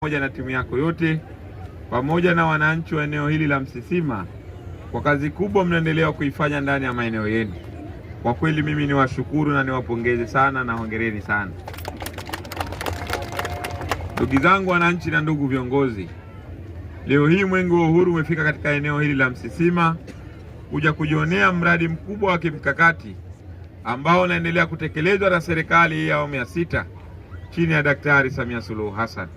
pamoja na timu yako yote pamoja na wananchi wa eneo hili la Msisima kwa kazi kubwa mnaendelea kuifanya ndani ya maeneo yenu. Kwa kweli mimi niwashukuru na niwapongeze sana na hongereni sana. Ndugu zangu wananchi na ndugu viongozi, leo hii Mwenge wa Uhuru umefika katika eneo hili la Msisima kuja kujionea mradi mkubwa wa kimkakati ambao unaendelea kutekelezwa na serikali ya awamu ya sita chini ya Daktari Samia Suluhu Hassan.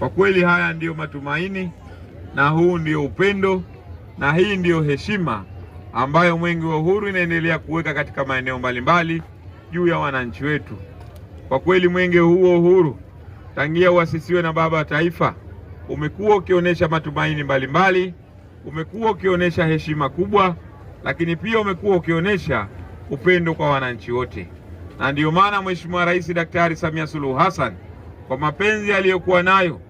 Kwa kweli haya ndiyo matumaini na huu ndiyo upendo na hii ndiyo heshima ambayo Mwenge wa Uhuru inaendelea kuweka katika maeneo mbalimbali juu ya wananchi wetu. Kwa kweli Mwenge huu wa Uhuru tangia uasisiwe na Baba wa Taifa umekuwa ukionyesha matumaini mbalimbali, umekuwa ukionyesha heshima kubwa, lakini pia umekuwa ukionyesha upendo kwa wananchi wote, na ndiyo maana Mheshimiwa Rais Daktari Samia Suluhu Hassan kwa mapenzi aliyokuwa nayo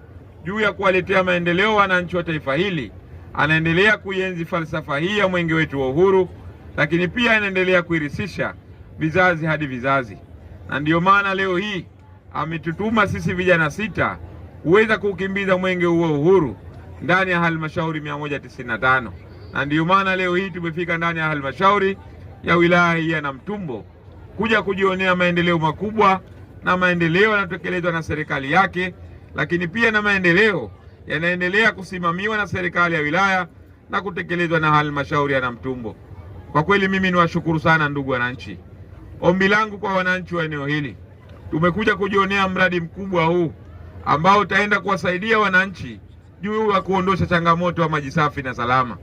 juu ya kuwaletea maendeleo wananchi wa taifa hili, anaendelea kuienzi falsafa hii ya mwenge wetu wa uhuru, lakini pia anaendelea kuirisisha vizazi hadi vizazi, na ndiyo maana leo hii ametutuma sisi vijana sita kuweza kuukimbiza mwenge huo uhuru ndani ya halmashauri 195 na ndiyo maana leo hii tumefika ndani ya halmashauri ya wilaya hii ya Namtumbo kuja kujionea maendeleo makubwa na maendeleo yanatekelezwa na serikali yake lakini pia na maendeleo yanaendelea kusimamiwa na serikali ya wilaya na kutekelezwa na halmashauri ya Namtumbo. Kwa kweli mimi niwashukuru sana ndugu wananchi. Ombi langu kwa wananchi wa eneo hili, tumekuja kujionea mradi mkubwa huu ambao utaenda kuwasaidia wananchi juu ya kuondosha changamoto ya maji safi na salama,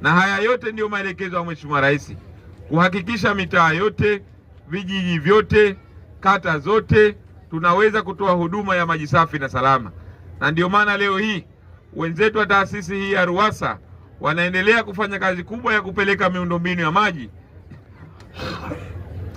na haya yote ndiyo maelekezo ya Mheshimiwa Rais kuhakikisha mitaa yote, vijiji vyote, kata zote tunaweza kutoa huduma ya maji safi na salama, na ndio maana leo hii wenzetu wa taasisi hii ya RUWASA wanaendelea kufanya kazi kubwa ya kupeleka miundombinu ya maji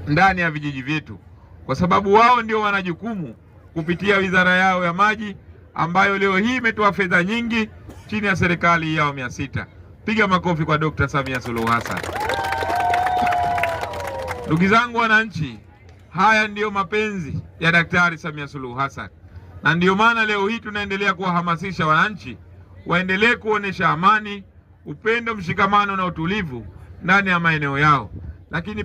ndani ya vijiji vyetu, kwa sababu wao ndio wana jukumu kupitia wizara yao ya maji ambayo leo hii imetoa fedha nyingi chini ya serikali ya awamu ya sita. Piga makofi kwa Dkt. Samia Suluhu Hassan. Ndugu zangu wananchi, Haya ndiyo mapenzi ya Daktari Samia Suluhu Hassan, na ndiyo maana leo hii tunaendelea kuwahamasisha wananchi waendelee kuonesha amani, upendo, mshikamano na utulivu ndani ya maeneo yao, lakini